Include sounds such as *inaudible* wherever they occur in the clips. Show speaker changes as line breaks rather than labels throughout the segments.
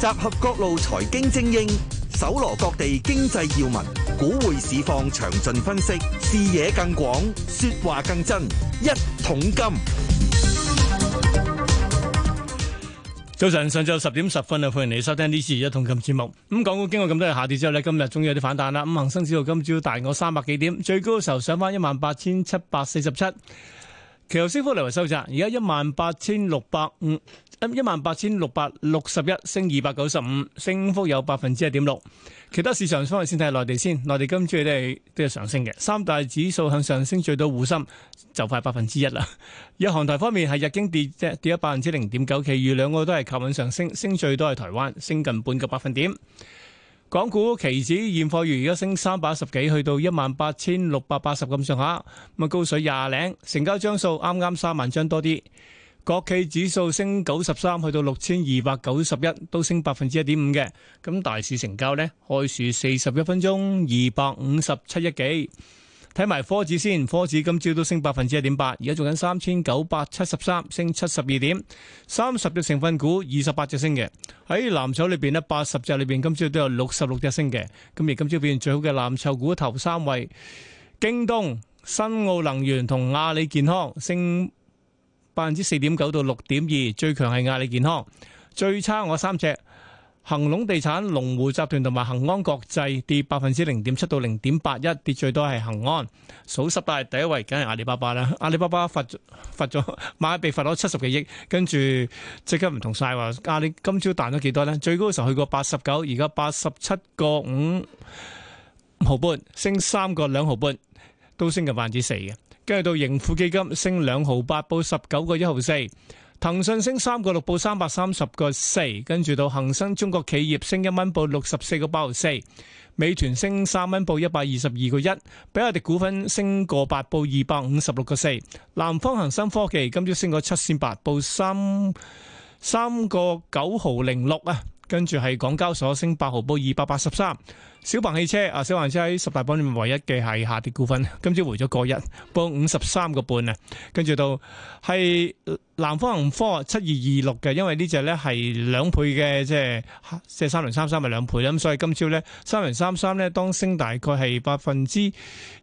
集合各路財經精英，搜羅各地經濟要聞，股匯市況詳盡分析，視野更廣，
說話更真。一桶金，早晨，上晝十點十分啊！歡迎你收聽呢次一桶金節目。咁，港股經過咁多日下跌之後咧，今日終於有啲反彈啦。五恒生指數今朝大我三百幾點，最高嘅時候上返一萬八千七百四十七。其後升幅嚟，為收窄。而家一萬八千六百五，一萬八千六百六十一，升二百九十五，升幅有百分之一點六。其他市場方面，先睇內地先。內地今朝都係都係上升嘅，三大指數向上升最多，滬深就快百分之一啦。日韓台方面係日經跌跌咗百分之零點九，其餘兩個都係靠穩上升，升最多係台灣，升近半個百分點。港股期指現貨月而家升三百十幾，去到一萬八千六百八十咁上下，咁啊高水廿零，成交張數啱啱三萬張多啲。國企指數升九十三，去到六千二百九十一，都升百分之一點五嘅。咁大市成交呢，開市四十一分鐘二百五十七億幾。睇埋科指先，科指今朝都升百分之一點八，而家做緊三千九百七十三，升七十二點，三十隻成分股二十八隻升嘅喺藍籌裏邊呢八十隻裏邊今朝都有六十六隻升嘅，今日今朝表現最好嘅藍籌股頭三位，京東、新奧能源同阿里健康升百分之四點九到六點二，最強係阿里健康，最差我三隻。恒隆地產、龍湖集團同埋恒安國際跌百分之零點七到零點八一，跌最多係恒安。數十大第一位，梗係阿里巴巴啦。阿里巴巴罰罰咗，買被罰咗七十幾億，跟住即刻唔同晒。話阿里今朝彈咗幾多呢？最高嘅時候去過八十九，而家八十七個五毫半，升三個兩毫半，都升近百分之四嘅。跟住到盈富基金升兩毫八，報十九個一毫四。騰訊升三個六，報三百三十個四，跟住到恒生中國企業升一蚊，報六十四個八毫四。美團升三蚊，報一百二十二個一。比亞迪股份升個八，報二百五十六個四。南方恒生科技今朝升個七千八，報三三個九毫零六啊。跟住係港交所升八毫報，報二百八十三。小鵬汽車啊，小鵬汽車喺十大榜裏面唯一嘅係下跌股份，今朝回咗個一，報五十三個半啊。跟住到係南方恒科七二二六嘅，6，因為呢隻咧係兩倍嘅，即係即係三零三三係兩倍啦。咁所以今朝咧三零三三咧當升大概係百分之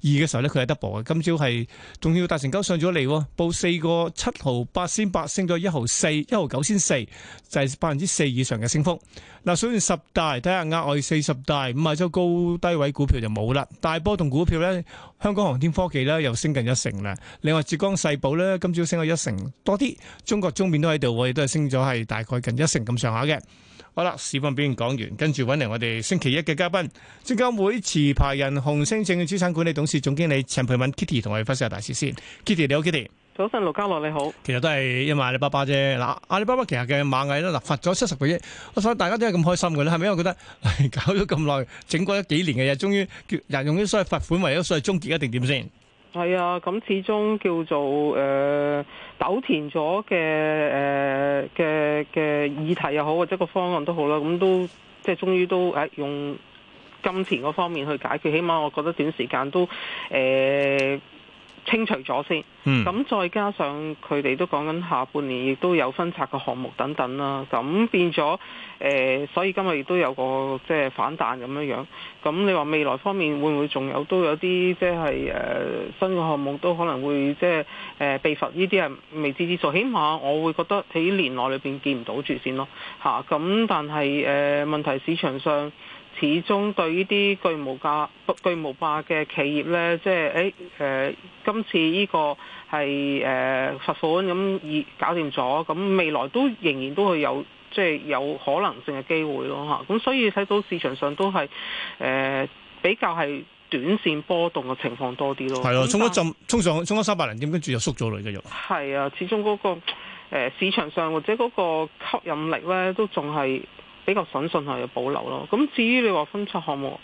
二嘅時候咧，佢係 double 嘅。今朝係仲要大成交上咗嚟，報四個七毫八仙八，升咗一毫四，一毫九仙四，就係百分之四以上嘅升幅。嗱，所以十大睇下額外四十大五咪高低位股票就冇啦，大波動股票咧，香港航天科技咧又升近一成啦。另外，浙江世寶咧今朝升咗一成多啲，中國中面都喺度，我亦都係升咗係大概近一成咁上下嘅。好啦，市況表現講完，跟住揾嚟我哋星期一嘅嘉賓，證監會持牌人紅星證券資產管理董事總經理陳培敏 Kitty 同我哋分析下大事先。Kitty 你好，Kitty。早晨，盧家樂你好。其實都係因為阿里巴巴啫。嗱，阿里巴巴其實嘅螞蟻咧，嗱罰咗七十個億，所以大家都係咁開心嘅咧，係咪？因為覺得搞咗咁耐，整過一幾年嘅嘢，終於人用啲所謂罰款為咗所謂終結，一定點先？
係啊，咁始終叫做誒，糾纏咗嘅誒嘅嘅議題又好，或者個方案都好啦，咁都即係終於都誒用金錢嗰方面去解決，起碼我覺得短時間都誒。清除咗先，咁、嗯、再加上佢哋都講緊下半年亦都有分拆嘅項目等等啦，咁變咗誒、呃，所以今日亦都有個即係反彈咁樣樣，咁你話未來方面會唔會仲有都有啲即係誒、呃、新嘅項目都可能會即係誒、呃、被罰呢啲係未知之數，起碼我會覺得喺年內裏邊見唔到住先咯，吓、啊，咁但係誒、呃、問題市場上。始終對呢啲巨無霸、巨無霸嘅企業呢，即係誒今次呢個係誒罰款咁而搞掂咗，咁未來都仍然都會有即係有可能性嘅機會咯，嚇。咁所以睇到市場上都係誒、呃、比較係短線波動嘅情況多啲咯。係啊，衝一
陣，衝上衝咗三百零點，跟住又縮咗嚟嘅又。
係啊，始終嗰、那個、呃、市場上或者嗰個吸引力呢，都仲係。比較謹慎係有保留咯。咁至於你話分拆項目，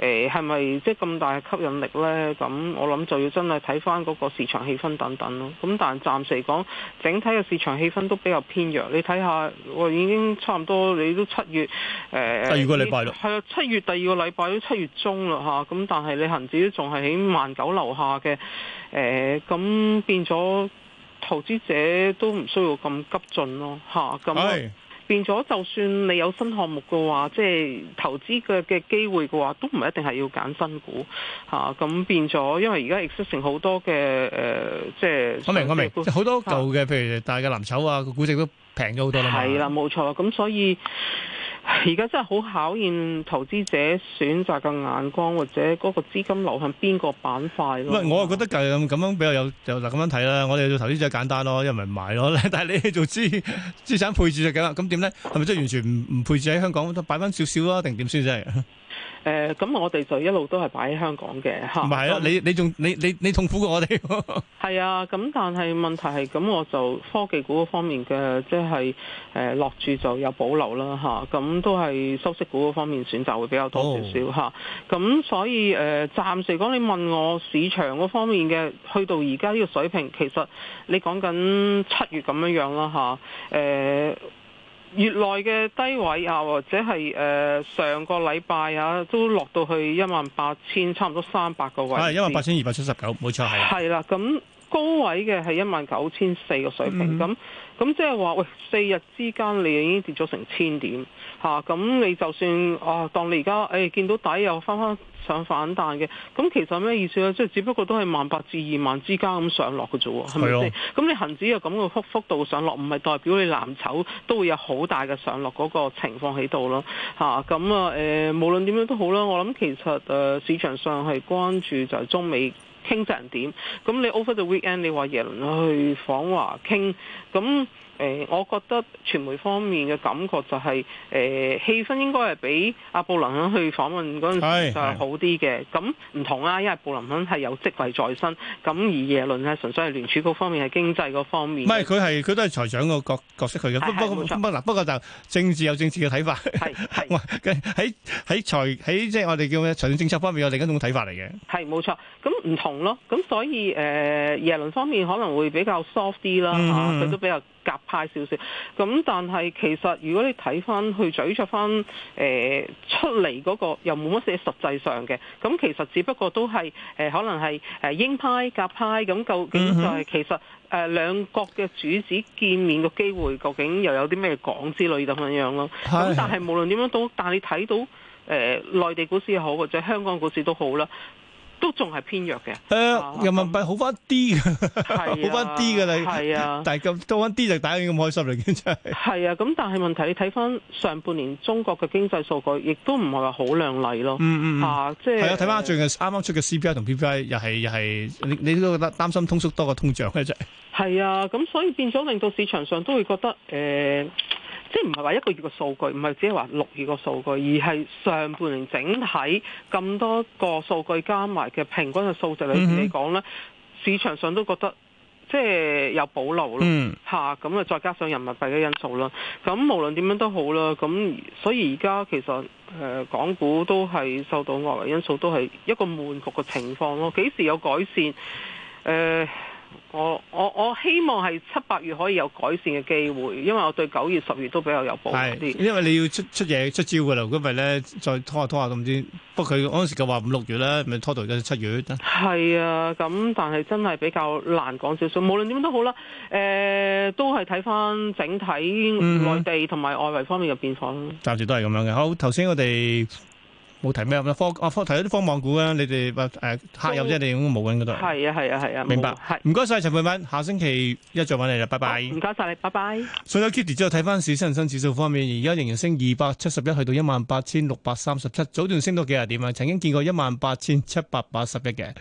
誒係咪即係咁大嘅吸引力呢？咁我諗就要真係睇翻嗰個市場氣氛等等咯。咁但暫時嚟講，整體嘅市場氣氛都比較偏弱。你睇下，我已經差唔多，你都七月誒、欸、第二個禮拜咯，係啊，七月第二個禮拜都七月中啦嚇。咁、啊、但係你恒指都仲係喺萬九樓下嘅誒，咁變咗投資者都唔需要咁急進咯嚇。咁、啊。變咗，就算你有新項目嘅話，即係投資嘅嘅機會嘅話，都唔一定係要揀新股吓，咁，變咗，因為而家 existing 好多嘅、呃、即係我明我明，好
都多舊嘅譬如大嘅藍籌啊，個估值都平咗好多
啦係啦，冇、啊、錯。咁所以。而家真係好考驗投資者選擇嘅眼光，或者嗰個資金流向邊個板塊咯。唔係，我
又覺得就咁咁樣比較有就嗱咁樣睇啦。我哋做投資者簡單咯，又唔係買咯咯。但係你哋做資資產配置是是就梗啦。咁點咧？係咪即係完全唔唔配置喺香港都擺翻少少啊？定點先即係？
誒咁、呃、我哋就一路都係擺喺香港嘅嚇，唔係啊！嗯、
你你仲你你你痛苦過我哋。
係 *laughs* 啊，咁但係問題係咁，我就科技股嗰方面嘅，即係誒落注就有保留啦嚇。咁、啊啊、都係收息股嗰方面選擇會比較多少少嚇。咁、oh. 啊、所以誒、呃，暫時講你問我市場嗰方面嘅，去到而家呢個水平，其實你講緊七月咁樣樣啦、啊呃月內嘅低位啊，或者係誒、呃、上個禮拜啊，都落到去一萬八千，差唔多三百個位。係一萬八
千二百七十九，冇錯係。係
啦，咁。高位嘅係一萬九千四個水平，咁咁即係話，喂四日之間你已經跌咗成千點嚇，咁、啊、你就算啊，當你而家誒見到底又翻翻上反彈嘅，咁其實咩意思咧？即係只不過都係萬八至二萬之間咁上落嘅啫喎，係咪先？咁、哦、你恒指有咁嘅幅幅度上落，唔係代表你藍籌都會有好大嘅上落嗰個情況喺度咯嚇，咁啊誒、呃，無論點樣都好啦，我諗其實、呃、市場上係關注就係中美。傾責任點，咁你 over 到 weekend，你話耶倫去訪華傾，咁。誒，我覺得傳媒方面嘅感覺就係、是、誒氣氛應該係比阿布林肯去訪問嗰陣時就係好啲嘅。咁唔同啦，因為布林肯係有職位在身，咁而耶倫咧純粹係聯儲局方面係經濟個方面。唔係佢
係佢都係財長個角角色佢嘅。這個、不過就政治有政治嘅睇法。係係喺喺財喺即係我哋叫咩財政政策方面有另一種睇法嚟嘅。
係冇錯。咁唔同咯。咁所以誒耶倫方面可能會比較 soft 啲啦。佢都比較，鴿派少少，咁但係其實如果你睇翻去咀嚼翻誒出嚟嗰、那個，又冇乜嘢實際上嘅，咁其實只不過都係誒、呃、可能係誒鷹派、鴿派咁究竟就係、就是、其實誒、呃、兩國嘅主子見面個機會，究竟又有啲咩講之類咁樣樣咯。咁但係無論點樣都，但係你睇到誒、呃、內地股市又好或者香港股市都好啦。都仲係偏弱
嘅，係啊，人民幣好翻啲嘅，好翻啲嘅啦，係啊，但係咁多翻啲就大家已經咁開心啦真係。係
啊，咁但係，問題你睇翻上半年中國嘅經濟數據，亦都唔係話好靚麗咯，嗯嗯，
啊，即係，係啊，睇翻最近啱啱出嘅 CPI 同 PPI 又係又係，你你都覺得擔心通縮多過通脹嘅啫。
係啊，咁所以變咗令到市場上都會覺得誒。即係唔係話一個月嘅數據，唔係只係話六月個數據，而係上半年整體咁多個數據加埋嘅平均嘅數值裏面嚟講呢，市場上都覺得即係有保留咯，吓咁啊，再加上人民幣嘅因素啦，咁無論點樣都好啦，咁所以而家其實誒港股都係受到外圍因素都係一個悶局嘅情況咯，幾時有改善誒？呃我我我希望係七八月可以有改善嘅機會，因為我對九月、十月都比較有抱有啲。是些因
為你要出出嘢、出招噶啦，咁咪咧再拖下拖下咁先。不過佢嗰陣時就話五六月啦，咪拖到而家七月。
係啊，咁但係真係比較難講少少。無論點都好啦，誒、呃，都係睇翻整體內地同埋外圍方面嘅變化咯。
暫時、嗯、都係咁樣嘅。好，頭先我哋。冇提咩咁啊科啊科，提到啲科網股、呃、啊，你哋誒客有啫，你點樣冇緊嗰度？係啊係啊
係啊，啊明白。係
唔該晒陳佩敏。下星期一再揾你啦，拜拜。唔該晒你，拜拜。所有 Kitty 之後，睇翻市，恒生指數方面，而家仍然升二百七十一，去到一萬八千六百三十七，早段升到幾廿點啊！曾經見過一萬八千七百八十一嘅。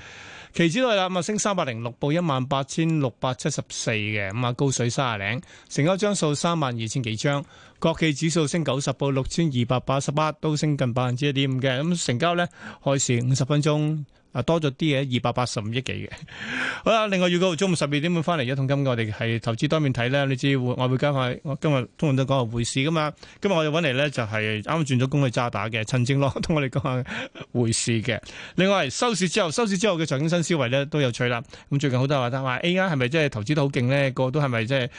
期指嚟啦，咁啊升三百零六，報一萬八千六百七十四嘅，咁啊高水三十零，成交張數三萬二千幾張，國企指數升九十，報六千二百八十八，都升近百分之一點五嘅，咁成交咧開市五十分鐘。啊多咗啲嘢二百八十五億幾嘅。好啦，另外預告中午十二點半翻嚟一桶金，我哋係投資多面睇咧，你知會我會加快？我今日通常都講個匯市噶嘛，今日我哋搵嚟咧就係啱轉咗工去渣打嘅陳正樂同我哋講下匯市嘅。另外收市之後收市之後嘅財經新思維咧都有趣啦，咁最近好多人話得話 AI 係咪真係投資得好勁咧？個都係咪真係？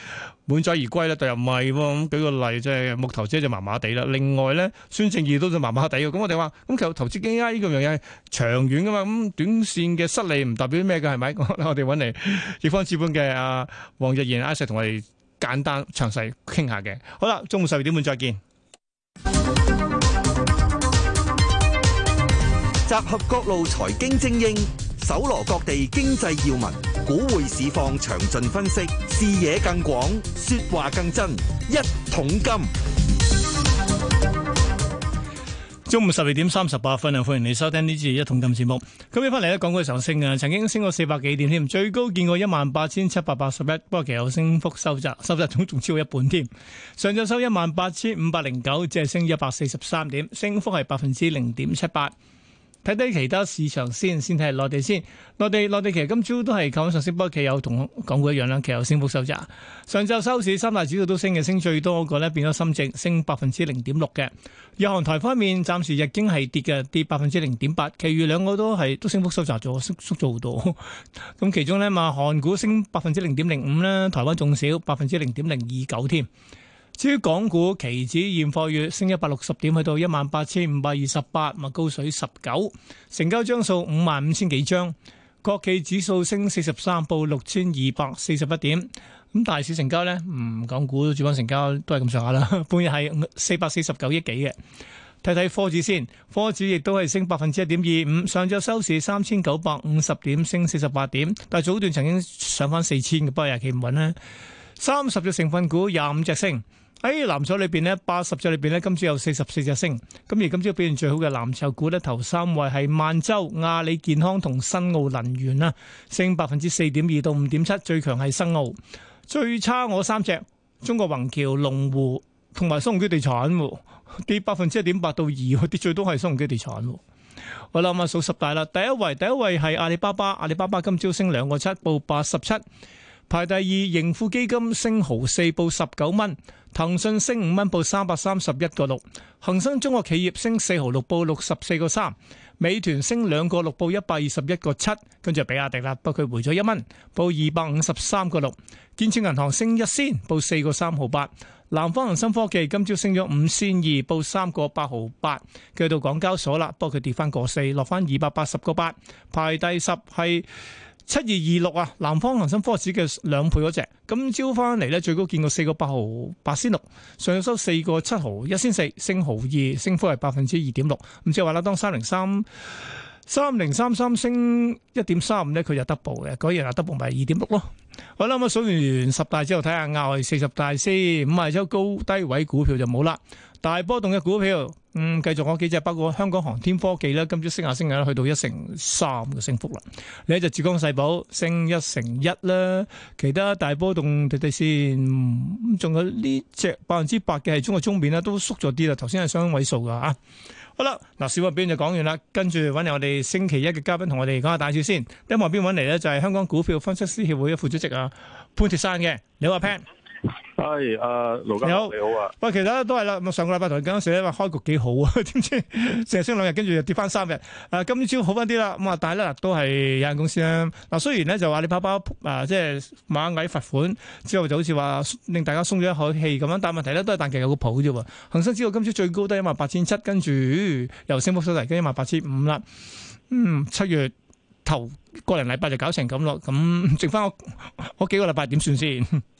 滿載而歸啦，但又唔係喎。咁舉個例，即係木頭姐就麻麻地啦。另外咧，孫正義都就麻麻地嘅。咁我哋話，咁其實投資基金呢個樣嘢長遠噶嘛。咁短綫嘅失利唔代表咩嘅？係咪？我哋揾嚟接方資本嘅阿黃日賢阿 Sir 同我哋簡單詳細傾下嘅。好啦，中午十二點半再見。集合各路財經精英，搜羅各地經濟要聞，股匯市況詳盡分析。視野更廣，說話更真。一桶金，中午十二點三十八分啊！歡迎你收聽呢次一桶金節目。今日翻嚟咧，港股上升啊，曾經升過四百幾點添，最高見過一萬八千七百八十一。不過其後升幅收窄，收窄總仲超過一半添。上晝收一萬八千五百零九，只係升一百四十三點，升幅係百分之零點七八。睇睇其他市場先，先睇下內地先。內地內地其實今朝都係講緊上升波企不過，其有同港股一樣啦，其有升幅收窄。上晝收市，三大指數都升嘅，升最多嗰個咧變咗深證，升百分之零點六嘅。日韓台方面，暫時日經係跌嘅，跌百分之零點八，其餘兩個都係都升幅收窄咗，縮縮咗好多。咁 *laughs* 其中咧，嘛韓股升百分之零點零五咧，台灣仲少百分之零點零二九添。0. 0至於港股期指現貨月升一百六十點，去到一萬八千五百二十八，咪高水十九，成交張數五萬五千幾張。國企指數升四十三，報六千二百四十一點。咁大市成交呢？嗯，港股主板成交都係咁上下啦，半日係四百四十九億幾嘅。睇睇科指先，科指亦都係升百分之一點二五，上晝收市三千九百五十點，升四十八點。但係早段曾經上翻四千嘅，不過日期唔穩呢三十隻成分股，廿五隻升。喺藍籌裏邊呢，八十隻裏邊呢，今朝有四十四隻升。咁而今朝表現最好嘅藍籌股呢，猜猜頭三位係萬洲、阿里健康同新奧能源啦，升百分之四點二到五點七，最強係新奧。最差我三隻，中國宏橋、龍湖同埋新鴻基地產跌百分之一點八到二，跌最多係新鴻基地產。我諗下數十大啦，第一位第一位係阿里巴巴，阿里巴巴今朝升兩個七，報八十七。排第二，盈富基金升毫四，報十九蚊；騰訊升五蚊，報三百三十一個六；恒生中國企業升四毫六，報六十四個三；美團升兩個六，報一百二十一個七，跟住比亞迪啦，不過佢回咗一蚊，報二百五十三個六；建設銀行升一仙，報四個三毫八；南方恒生科技今朝升咗五仙二，報三個八毫八，跟住到港交所啦，不過佢跌翻個四，落翻二百八十個八，排第十係。七二二六啊，南方恒生科技嘅兩倍嗰隻，今朝翻嚟咧，最高見過四個八毫八仙六，上收四個七毫一仙四，升毫二，升幅係百分之二點六，咁即係話啦，當三零三。三零三三升一點三五咧，佢就 double 嘅，嗰日啊 double 埋二點六咯。我諗我數完十大之後，睇下亞係四十大先，咁啊，之後高低位股票就冇啦。大波動嘅股票，嗯，繼續講幾隻，包括香港航天科技啦，今朝升下升下啦，去到一成三嘅升幅啦。另一隻浙江世寶升一成一啦。其他大波動睇睇先，咁仲有呢隻百分之八嘅係中國中免啦，都縮咗啲啦，頭先係雙位數噶啊。好啦，嗱，小話表就講完啦，跟住揾嚟我哋星期一嘅嘉賓同我哋講下大市先。第一旁邊揾嚟咧就係香港股票分析師協會嘅副主席啊潘鐵山嘅，你好啊，潘係，阿盧生你好啊！喂，其實都係啦。咁上個禮拜同你講時因為話開局幾好啊，點知成升兩日，跟住又跌翻三日、呃。今朝好翻啲啦。咁啊，但係咧都係有間公司啦。嗱、呃，雖然咧就話你包包、呃、即係螞蟻罰款之後就好似話令大家鬆咗一口氣咁樣，但問題咧都係短期有個譜啫。恒生指數今朝最高得一萬八千七，跟住由升幅咗嚟，跟一萬八千五啦。嗯，七月頭個零禮拜就搞成咁咯，咁剩翻我我幾個禮拜點算先？ *laughs*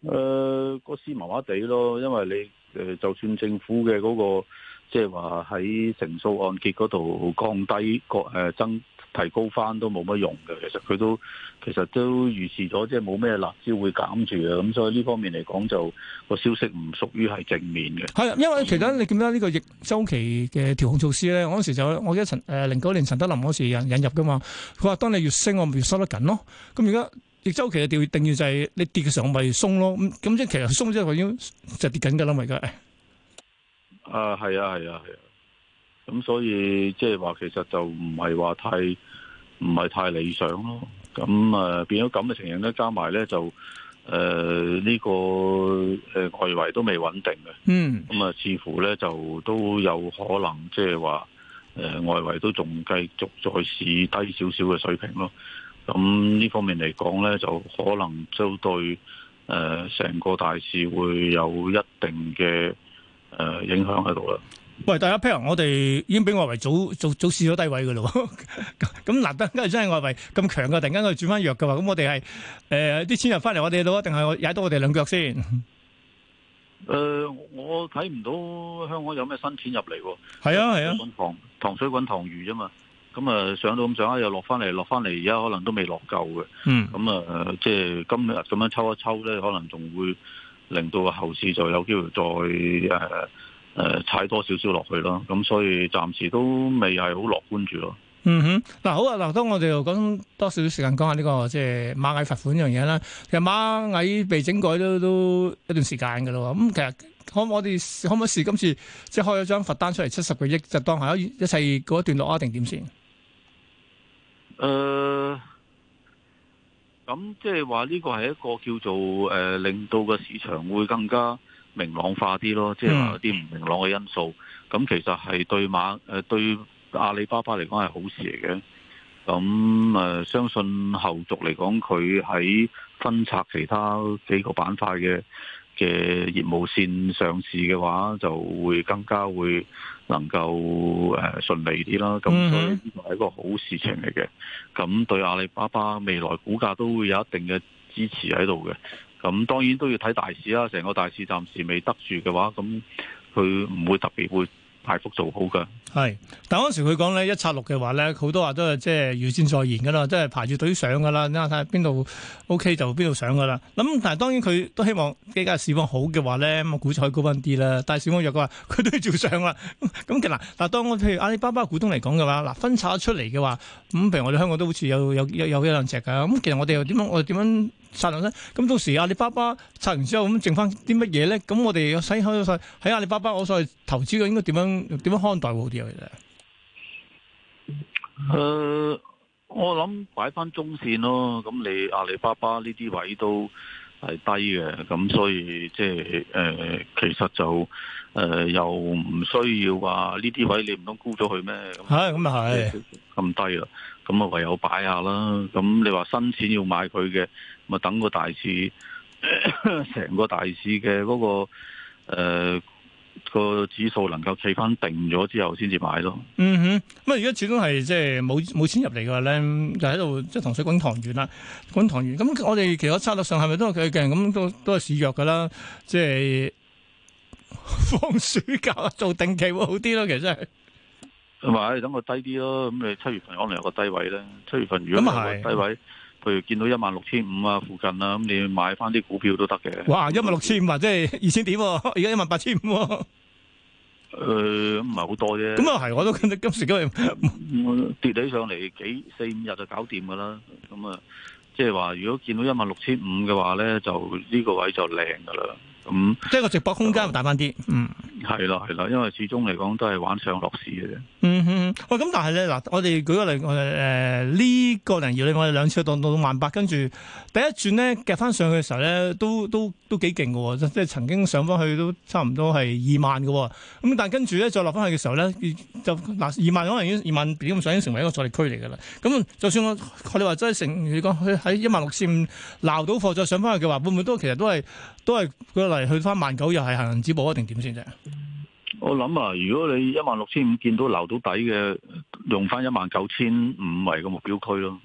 誒，呃，那個市麻麻地咯，因為你誒，就算政府嘅嗰、那個即係話喺成數按揭嗰度降低個誒、呃、增提高翻都冇乜用嘅，其實佢都其實都預示咗即係冇咩辣椒會減住嘅，咁所以呢方面嚟講就個消息唔屬於係正面嘅。係啊，
因為其實、嗯、你見到呢個逆周期嘅調控措施咧，嗰時就我記得陳誒零九年陳德林德霖嗰時引引入噶嘛，佢話當你越升我咪越收得緊咯，咁而家。亦周期嘅調定義就係你跌嘅時候咪鬆咯，咁咁即係其實鬆之後要就跌緊㗎喇嘛而家。
啊係啊係啊係啊，咁、啊啊啊、所以即係話其實就唔係話太唔係太理想咯。咁啊、呃、變咗咁嘅情形咧，加埋咧就誒呢、呃這個誒、呃、外圍都未穩定嘅，嗯，咁啊似乎咧就都有可能即係話誒外圍都仲繼續再試低少少嘅水平咯。咁呢方面嚟講咧，就可能就對誒成、呃、個大市會有一定嘅誒、呃、影響喺度啦。
喂，大家譬如、呃、我哋已經俾外圍早早早試咗低位噶啦。咁咁嗱，突然間真係外圍咁強噶，突然間佢轉翻弱噶話，咁我哋係誒啲錢入翻嚟，我哋都一定係踩到我哋兩腳先。
誒、呃，我睇唔到香港有咩新錢入嚟。係啊係啊，啊糖糖水滾糖魚啫嘛。咁啊，上到咁上啊，又落翻嚟，落翻嚟，而家可能都未落夠嘅。嗯，咁啊、嗯，即、就、係、是、今日咁樣抽一抽咧，可能仲會令到後市就有機會再誒、呃呃、踩多少少落去咯。咁、嗯、所以暫時都未係好樂觀住咯。嗯
哼，嗱好啊，嗱，當我哋講多少少時間講下呢、這個即係、就是、螞蟻罰款樣嘢啦。其實螞蟻被整改都都一段時間嘅咯。咁、嗯、其實可唔可我哋可唔可以試今次即係開咗張罰單出嚟七十個億，就是、當下一一切告一段落啊？定點先？
誒，咁即係話呢個係一個叫做誒、呃，令到個市場會更加明朗化啲咯，即係話一啲唔明朗嘅因素，咁其實係對馬誒、呃、對阿里巴巴嚟講係好事嚟嘅。咁誒、呃，相信後續嚟講，佢喺分拆其他幾個板塊嘅。嘅業務線上市嘅話就會更加會能夠誒順利啲啦。咁所以呢個係一個好事情嚟嘅。咁對阿里巴巴未來股價都會有一定嘅支持喺度嘅。咁當然都要睇大市啦。成個大市暫時未得住嘅話，咁佢唔會特別會。排幅做好噶，
係，但嗰時佢講咧，一拆六嘅話咧，好多話都係即係預先再言噶啦，即係排住隊上噶啦，睇下邊度 OK 就邊度上噶啦。咁但係當然佢都希望依家市況好嘅話咧，咁股彩高返啲啦。但係市況弱嘅話，佢都要照上啦。咁其實嗱，嗱當我譬如阿里巴巴股東嚟講嘅話，嗱分拆出嚟嘅話，咁、嗯、譬如我哋香港都好似有有有有一兩隻噶，咁其實我哋又點樣我哋點樣？我殺落咧，咁到時阿里巴巴殺完之後，咁剩翻啲乜嘢咧？咁我哋使開晒。喺阿里巴巴，我所謂投資嘅應該點樣點樣看待好啲啊？嚟咧，
誒，我諗擺翻中線咯。咁你阿里巴巴呢啲位都係低嘅，咁所以即係誒，其實就誒、呃、又唔需要話呢啲位你唔通沽咗佢咩？嚇，咁啊係。咁低啦，咁啊唯有擺下啦。咁你話新錢要買佢嘅，咪等個大市，成 *laughs* 個大市嘅嗰個誒、呃那個指數能夠企翻定咗之後，先至買咯。嗯
哼，咁啊而家始終係即係冇冇錢入嚟嘅話咧，就喺度即係糖水滾糖丸啦，滾糖丸，咁我哋其他策略上係咪都係佢嘅咁都都係示弱噶啦？即係放暑假做定期會好啲咯，其實真係。咁
咪等佢低啲咯，咁你七月份可能有個低位咧。七月份如果有個低位，嗯、譬如見到一萬六千五啊附近啦，咁你買翻啲股票都得嘅。
哇，一萬六千五啊，即係二千點，而家一萬八千五。
誒，唔係好多啫。咁啊
係，我都今時今日
跌起上嚟幾四五日就搞掂噶啦。咁啊，即係話如果見到一萬六千五嘅話咧，就呢個位就靚噶啦。咁、嗯、即係個直播空間又大翻啲，
嗯，
係啦係啦，因為始終嚟講都係玩上落市嘅啫，嗯。嗯
哼，喂、嗯、咁、嗯、但係咧嗱，我哋舉個例，誒呢個零二零，我哋、呃這個、兩,兩次去到到萬八，跟住第一轉咧夾翻上去嘅時候咧，都都都幾勁喎，即係曾經上翻去都差唔多係二萬喎。咁但係跟住咧再落翻去嘅時候咧，就嗱二、呃、萬可能已經二萬已經成為一個阻力區嚟嘅啦。咁就算我我哋話真係成，如果佢喺一萬六千鬧到貨再上翻去嘅話，會唔會都其實都係？都係佢嚟去翻萬九又係行人止步一定點先啫？怎
我諗啊，如果你一萬六千五見到留到底嘅，用翻一萬九千五為個目標區咯。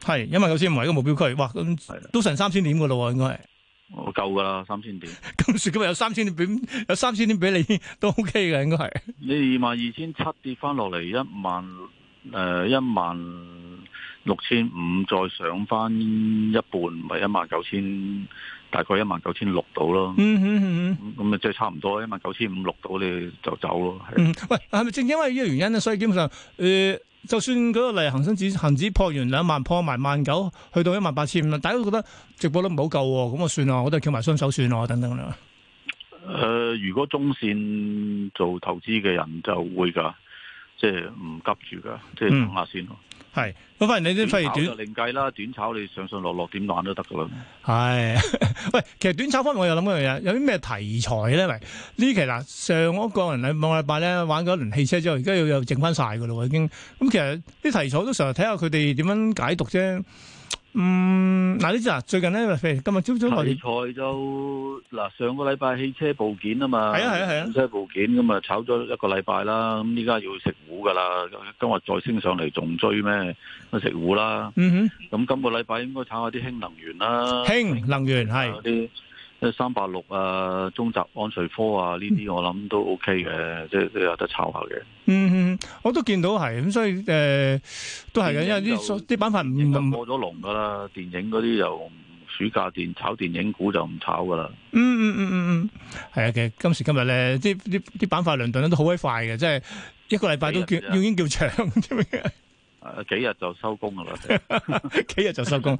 係一萬九千五為個目標區，哇！的都成三千點噶咯，應該係。
我夠噶啦，三千點。
今時今日有三千點，有三千點俾你都 OK 嘅，應該係。
你二萬二千七跌翻落嚟一萬誒一萬六千五，再上翻一半，唔係一萬九千。大概一萬九千六到咯，嗯嗯嗯咁咪即係差唔多一萬九千五六到，你就走咯。是嗯，
喂，係咪正因為呢個原因咧，所以基本上誒、呃，就算嗰個嚟恒生指恆指破完兩萬，破埋萬九，去到一萬八千五，大家都覺得直播都唔好夠喎，咁啊算啦，我都係翹埋雙手算啦，等等啦。
誒、呃，如果中線做投資嘅人就會噶，即係唔急住噶，即、就、係、是、等下先咯、嗯。
係，是發現你啲反而短，短就
另計啦。短炒你上上落落點玩都得噶啦。
係是，喂， *laughs* 其實短炒方面，我又諗一樣嘢，有啲咩題材咧？咪呢期嗱，上一個禮禮拜咧玩咗一輪汽車之後，而家又又剩翻曬噶啦，已經。咁其實啲題材都成日睇下佢哋點樣解讀啫。嗯，嗱呢隻最近呢，今日朝早落
嚟，就嗱，上個禮拜汽車部件啊嘛，係啊係啊係啊，汽車、啊啊、部件咁啊，炒咗一個禮拜啦。咁依家要食糊噶啦，今日再升上嚟，仲追咩？咪食糊啦。嗯哼，咁今個禮拜應該炒下啲氫能源啦。氫能源係。即係三八六啊，中集安瑞科啊，呢啲我諗都 OK 嘅，即係都有得炒下嘅。嗯
嗯，我都見到係咁，所以誒、呃、都係嘅，因為啲啲板塊唔認得過咗龍噶啦，電
影嗰啲就暑假電炒電影股就唔炒噶啦。嗯嗯嗯嗯
嗯，係啊，其實今時今日咧，啲啲啲板塊輪頓都好鬼快嘅，即係一個禮拜都叫要經叫長。知
幾日就收工噶啦，
幾日就收工，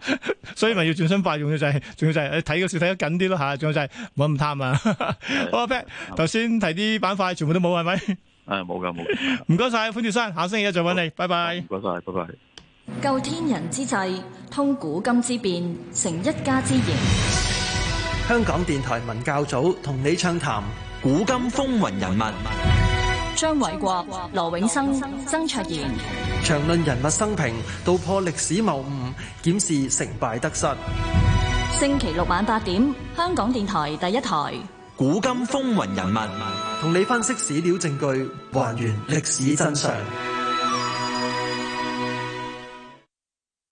所以咪要轉身快，仲要就係，仲要就係睇嗰時睇得緊啲咯吓，仲要就係唔好咁貪啊。好啊，Pat，頭先提啲板塊，全部都冇係咪？誒，冇噶，冇。唔該晒，潘志山，下星期一再搵你，拜拜。唔該拜拜。
究天人之際，通古今之變，成一家之言。
香港電台文教組同你暢
談古今風雲人物。
張偉國、羅永生、曾
卓然，長論人物生平，道破歷史謬誤，檢視成敗得失。
星期六晚八點，香港電台第一台
《古今風雲人物》，同你分析史料證據，還原歷史真相。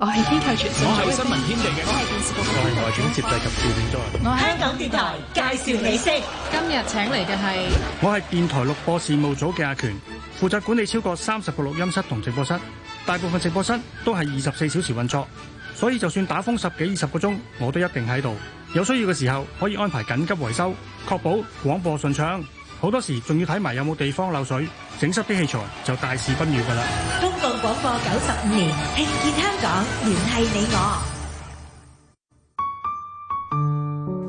我係
天台全新，我係新聞天地嘅，我係外景節目及攝影組，我係香
港電台介紹你先。
今日請嚟嘅係，
我係電台錄播事務組嘅阿權，負責管理超過三十個錄音室同直播室，大部分直播室都係二十四小時運作，所以就算打風十幾二十個鐘，我都一定喺度。有需要嘅時候可以安排緊急維修，確保廣播順暢。好多時仲要睇埋有冇地方漏水，整濕啲器材就大事不妙噶啦！
公共廣播九十五年，聽見香港，聯繫你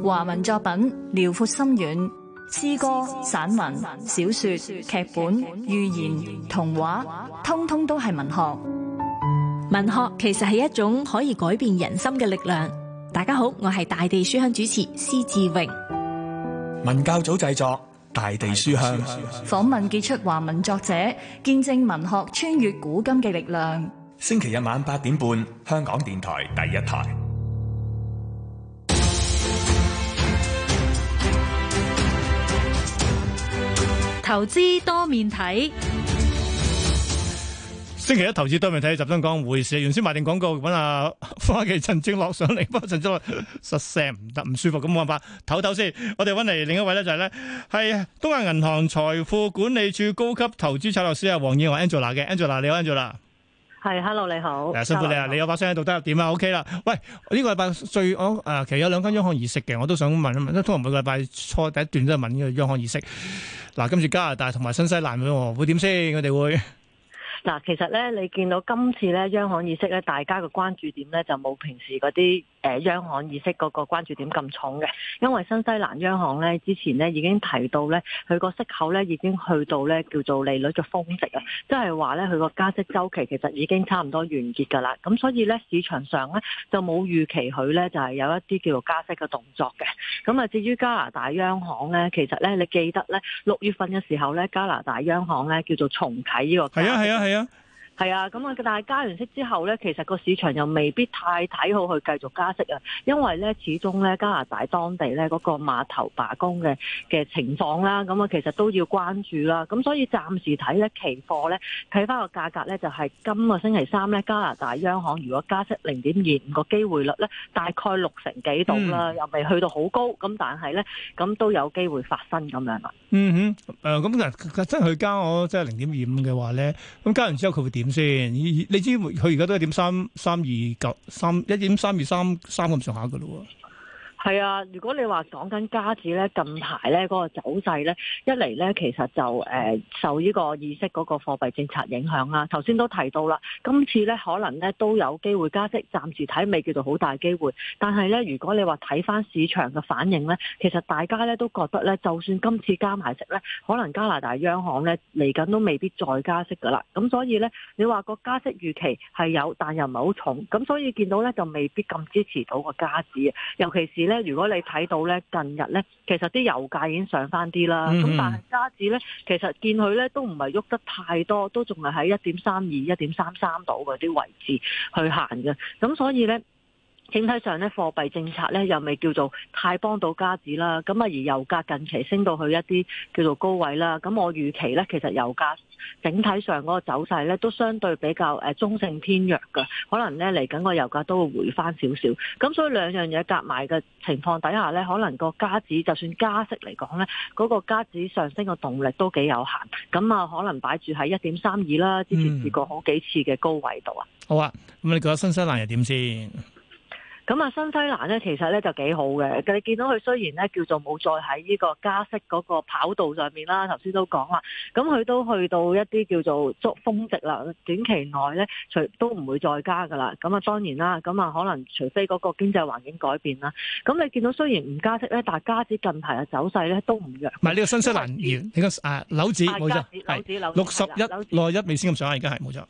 我。華文作品遼闊深遠，詩歌、散文、小說、劇本、寓言、童話，通通都係文學。文學其實係一種可以改變人心嘅力量。大家好，我係大地書香主持施志榮，
文教組製作。大地書香，
訪問傑出華文作者，見證文學穿越古今嘅力量。
星期日晚八點半，香港電台第一台。
投資多面睇。
星期一投資都未睇，集中講匯市。原先賣定廣告，揾阿、啊、花旗陳正樂上嚟，不過陳總實聲唔得，唔舒服，咁冇辦法唞唞先。我哋揾嚟另一位咧，就係、是、咧，係東亞銀行財富管理處高級投資策劃師啊，黃燕華 Angela 嘅 Angela，你好 Angela。
係，hello，你好。辛苦你啊 Hello, 好，
你有把聲喺度得入點啊？OK 啦。喂，呢個禮拜最我其實有兩間央行議息嘅，我都想問一問，通常每個禮拜初第一段都係問呢個央行議息。嗱，今次加拿大同埋新西蘭會點先？我哋會。
嗱，其實咧，你見到今次咧，央行意識咧，大家嘅關注點咧，就冇平時嗰啲。誒央行意識嗰個關注點咁重嘅，因為新西蘭央行咧之前咧已經提到咧，佢個息口咧已經去到咧叫做利率嘅峰值啊，即係話咧佢個加息周期其實已經差唔多完結㗎啦，咁所以咧市場上咧就冇預期佢咧就係有一啲叫做加息嘅動作嘅。咁啊，至於加拿大央行咧，其實咧你記得咧六月份嘅時候咧，加拿大央行咧叫做重啟呢個係啊係啊係啊。係啊，咁啊，但係加完息之後咧，其實個市場又未必太睇好去繼續加息啊，因為咧始終咧加拿大當地咧嗰、那個碼頭罷工嘅嘅情況啦，咁、嗯、啊其實都要關注啦。咁所以暫時睇咧期貨咧睇翻個價格咧，就係、是、今個星期三咧加拿大央行如果加息零點二五個機會率咧，大概六成幾度啦，嗯、又未去到好高，咁但係咧咁都有機會發生
咁樣啊。嗯哼、誒、呃，咁若真佢加我即係零點二五嘅話咧，咁加完之後佢會點？咁先？你知佢而家都係一點三三二九三一點三二三三咁上下噶咯。
係啊，如果你話講緊加紙呢，近排呢嗰個走勢呢，一嚟呢其實就誒、呃、受呢個意識嗰個貨幣政策影響啊。頭先都提到啦，今次呢可能呢都有機會加息，暫時睇未叫做好大機會。但係呢，如果你話睇返市場嘅反應呢，其實大家呢都覺得呢，就算今次加埋息呢，可能加拿大央行呢嚟緊都未必再加息㗎啦。咁所以呢，你話個加息預期係有，但又唔係好重。咁所以見到呢，就未必咁支持到個加紙，尤其是呢。如果你睇到呢，近日呢，其實啲油價已經上翻啲啦。咁、嗯、但係加紙呢，其實見佢呢都唔係喐得太多，都仲係喺一點三二、一點三三度嗰啲位置去行嘅。咁所以呢。整體上咧，貨幣政策咧又未叫做太幫到加紙啦。咁啊，而油價近期升到去一啲叫做高位啦。咁我預期咧，其實油價整體上嗰個走勢咧都相對比較誒中性偏弱㗎。可能咧嚟緊個油價都會回翻少少。咁所以兩樣嘢夾埋嘅情況底下咧，可能個加紙就算加息嚟講咧，嗰個加紙上升嘅動力都幾有限。咁啊，可能擺住喺一點三二啦，之前試過好幾次嘅高位度啊、嗯。
好啊，咁你覺得新西蘭又點先？咁
啊，新西蘭咧其實咧就幾好嘅，你見到佢雖然咧叫做冇再喺呢個加息嗰個跑道上面啦，頭先都講啦，咁佢都去到一啲叫做觸峰值啦，短期內咧除都唔會再加噶啦。咁啊當然啦，咁啊可能除非嗰個經濟環境改變啦。咁你見到雖然唔加息咧，但係加息近排嘅走勢咧都唔弱。
唔係呢個新西蘭元，為你個啊樓紙冇錯柳子六十一內一美線咁上下，而家係冇錯。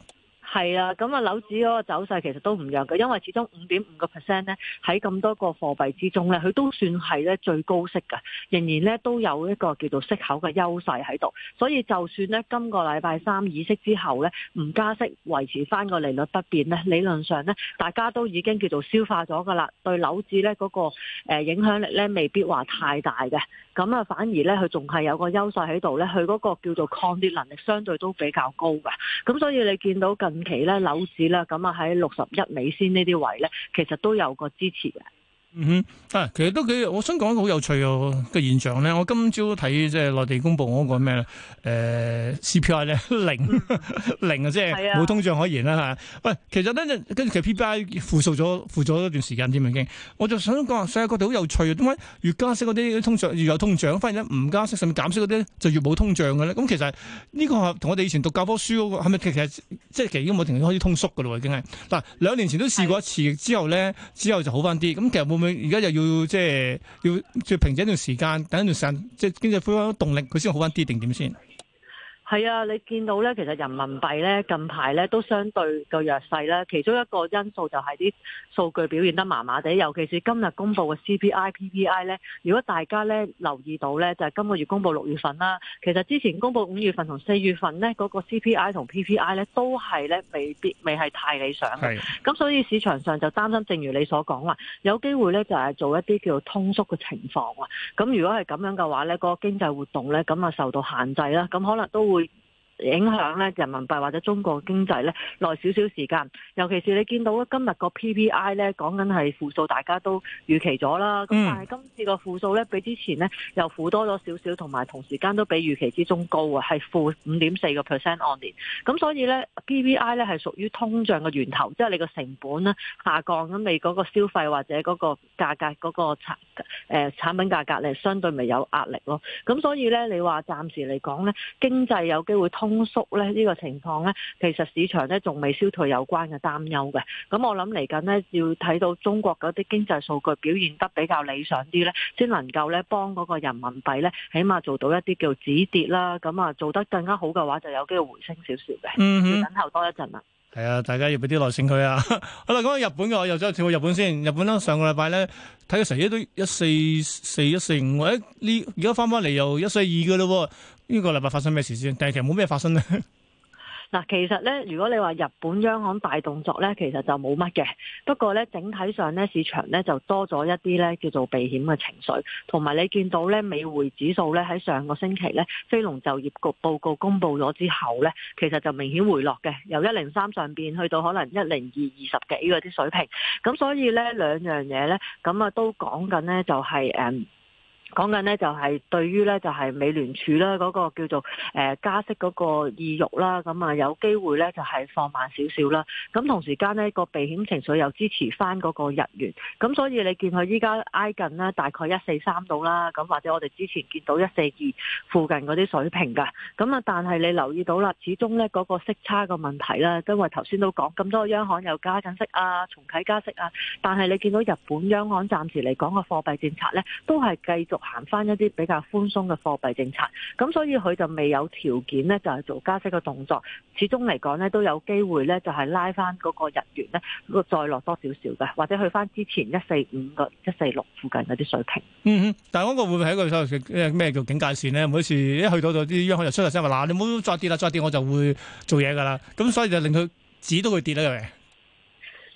係啊，咁啊樓指嗰個走勢其實都唔弱嘅，因為始終五點五個 percent 咧喺咁多個貨幣之中咧，佢都算係咧最高息㗎。仍然咧都有一個叫做息口嘅優勢喺度。所以就算咧今個禮拜三議息之後咧唔加息，維持翻個利率不變咧，理論上咧大家都已經叫做消化咗㗎啦，對樓指咧嗰個誒影響力咧未必話太大嘅。咁啊反而咧佢仲係有個優勢喺度咧，佢嗰個叫做抗跌能力相對都比較高㗎。咁所以你見到近期咧樓市啦，咁啊喺六十一美先呢啲位咧，其實都有個支持嘅。
嗯哼，啊，其實都幾，我想講一個好有趣嘅現象咧。我今朝睇即係內地公布嗰個咩咧，誒 CPI 咧零、嗯、 *laughs* 零啊，即係冇通脹可言啦吓。喂、嗯，嗯、其實呢，跟住，其實 PPI 負數咗負咗一段時間添啊已經。我就想講，世界各地好有趣啊，點解越加息嗰啲通脹越有通脹，反而咧唔加息甚至減息嗰啲就越冇通脹嘅咧？咁、嗯、其實呢個同我哋以前讀教科書嗰、那個係咪？其實即係其實已經冇停開始通縮噶咯，已經係。嗱，兩年前都試過一次的之後咧，之後就好翻啲。咁、嗯、其實冇。佢而家又要即係要再平靜一段時間等一段時間，即係經濟恢復動力，佢先好翻啲定點先。
係啊，你見到咧，其實人民幣咧近排咧都相對嘅弱勢啦。其中一個因素就係啲數據表現得麻麻地，尤其是今日公布嘅 CPI、PPI 咧。如果大家咧留意到咧，就係今個月公布六月份啦。其實之前公布五月份同四月份咧，嗰個 CPI 同 PPI 咧都係咧未必未係太理想嘅。係。咁所以市場上就擔心，正如你所講啦，有機會咧就係做一啲叫做通縮嘅情況啊。咁如果係咁樣嘅話咧，嗰個經濟活動咧咁啊受到限制啦，咁可能都會，影響咧人民幣或者中國經濟咧，耐少少時間，尤其是你見到今日個 PPI 咧，講緊係負數，大家都預期咗啦。咁、嗯、但係今次個負數咧，比之前咧又負多咗少少，同埋同時間都比預期之中高啊，係負五點四個 percent 按年。咁所以咧，PPI 咧係屬於通脹嘅源頭，即係你個成本咧下降咁，咁你嗰個消費或者嗰個價格嗰、嗰個產誒產品價格咧相對咪有壓力咯。咁所以咧，你話暫時嚟講咧，經濟有機會通。通縮咧呢、這個情況咧，其實市場咧仲未消退有關嘅擔憂嘅。咁我諗嚟緊咧要睇到中國嗰啲經濟數據表現得比較理想啲咧，先能夠咧幫嗰個人民幣咧起碼做到一啲叫止跌啦。咁啊做得更加好嘅話，就有機會回升少少嘅。嗯哼，要等候多一陣啦。
係啊，大家要俾啲耐性佢啊。 *laughs* 好啦，講下日本嘅，我又再跳去日本先。日本啦，上個禮拜咧睇個成日都一四四一四五，或者呢而家翻翻嚟又一四二嘅嘞。呢個禮拜發生咩事先？第二期冇咩發生呢。
嗱，其實呢，如果你話日本央行大動作呢，其實就冇乜嘅。不過呢，整體上呢，市場呢就多咗一啲呢叫做避險嘅情緒，同埋你見到呢，美匯指數呢喺上個星期呢，非農就業局報告公佈咗之後呢，其實就明顯回落嘅，由一零三上邊去到可能一零二二十幾嗰啲水平。咁所以呢，兩樣嘢呢咁啊都講緊呢，就係誒。嗯講緊呢，就係對於呢，就係美聯儲啦嗰個叫做誒加息嗰個意欲啦，咁啊有機會呢，就係放慢少少啦。咁同時間呢，個避險情緒又支持返嗰個日元，咁所以你見佢依家挨近啦，大概一四三度啦，咁或者我哋之前見到一四二附近嗰啲水平㗎。咁啊，但係你留意到啦，始終呢嗰個息差個問題啦，因為頭先都講咁多央行有加緊息啊、重啟加息啊，但係你見到日本央行暫時嚟講個貨幣政策呢，都係繼續。行翻一啲比較寬鬆嘅貨幣政策，咁所以佢就未有條件咧，就係做加息嘅動作。始終嚟講咧，都有機會咧，就係拉翻嗰個日元咧個再落多少少嘅，或者去翻之前一四五個一四六附近嗰啲水平。
嗯哼，但係嗰個會唔會喺一個咩叫警戒線咧？每次一去到到啲央行又出嚟聲話嗱，你唔好再跌啦，再跌我就會做嘢㗎啦。咁所以就令佢指都會跌啦，因為。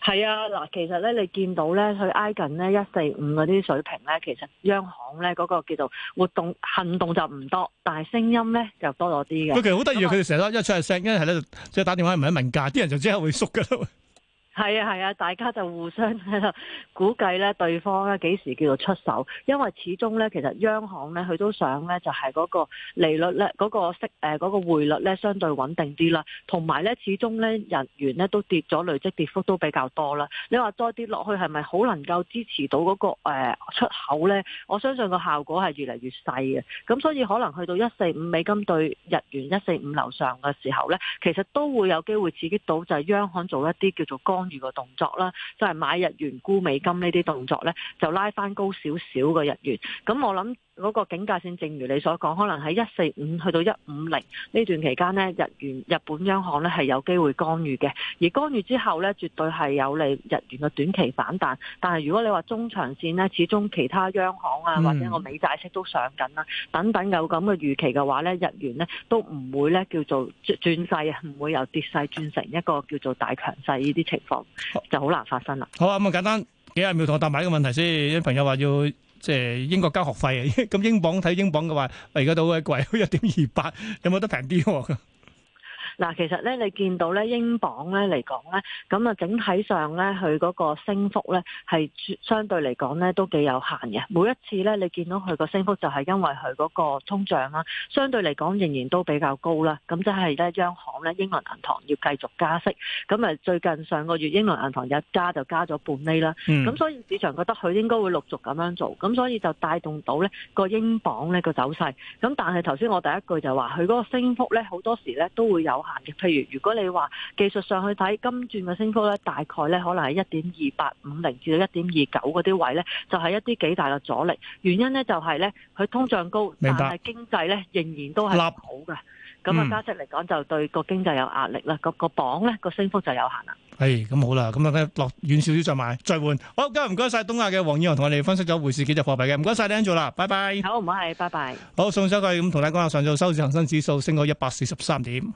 係啊，嗱，其實咧，你見到咧，佢挨近咧一四五嗰啲水平咧，其實央行咧嗰個叫做活動行動就唔多，但係聲音咧就多咗啲嘅。佢其實好得意啊，佢哋
成日一出嚟聲音係咧即係打電話問一問價，啲人就即刻會縮噶啦。 *laughs*
係啊係啊，大家就互相估計咧，對方咧幾時叫做出手，因為始終咧其實央行咧佢都想咧就係嗰個利率咧嗰個息誒嗰個匯率咧相對穩定啲啦，同埋咧始終咧日元咧都跌咗累積跌幅都比較多啦。你話再跌落去係咪好能夠支持到嗰個誒出口咧？我相信個效果係越嚟越細嘅。咁所以可能去到一四五美金對日元一四五樓上嘅時候咧，其實都會有機會刺激到就係央行做一啲叫做個動作啦，即係買日元沽美金呢啲動作咧，就拉翻高少少嘅日元。咁我諗。嗰個警戒線，正如你所講，可能喺一四五去到一五零呢段期間呢，日元日本央行呢係有機會干預嘅。而干預之後呢，絕對係有利日元嘅短期反彈。但係如果你話中長線呢，始終其他央行啊，或者我美債息都上緊啦，等等有咁嘅預期嘅話呢，日元呢都唔會呢叫做轉勢，唔會由跌勢轉成一個叫做大強勢，呢啲情況就好難發生啦。
好啊，咁啊簡單幾廿秒同我答埋一個問題先，啲朋友話要。即係英國交學費啊！咁英鎊睇英鎊嘅話，而家都好鬼貴，28，有沒有便宜一點二八，有冇得平啲？
嗱，其實咧，你見到咧，英鎊咧嚟講咧，咁啊整體上咧，佢嗰個升幅咧係相對嚟講咧都幾有限嘅。每一次咧，你見到佢個升幅就係因為佢嗰個通脹啦，相對嚟講仍然都比較高啦。咁即係咧，央行咧，英倫銀行要繼續加息，咁啊最近上個月英倫銀行一加就加咗半厘啦。咁、嗯、所以市場覺得佢應該會陸續咁樣做，咁所以就帶動到咧個英鎊咧個走勢。咁但係頭先我第一句就話佢嗰個升幅咧好多時咧都會有限。嘅，譬如如果你話技術上去睇，金轉嘅升幅咧，大概咧可能係一點二八五零至到一點二九嗰啲位咧，就係一啲幾大嘅阻力。原因咧就係咧，佢通脹高，白但係經濟咧仍然都係唔好嘅。咁啊加息嚟講，就對個經濟有壓力啦。嗯、那個個榜咧個升幅就有限啦。
係咁、哎、好啦，咁啊，落遠少少再買，再換。好，今日唔該晒東亞嘅黃燕華同我哋分析咗匯市幾隻貨幣嘅，唔該曬 Angel 啦，拜拜。好
唔該，拜拜。
好，送咗佢咁同大家講下上晝收市恒生指數升咗一百四十三點。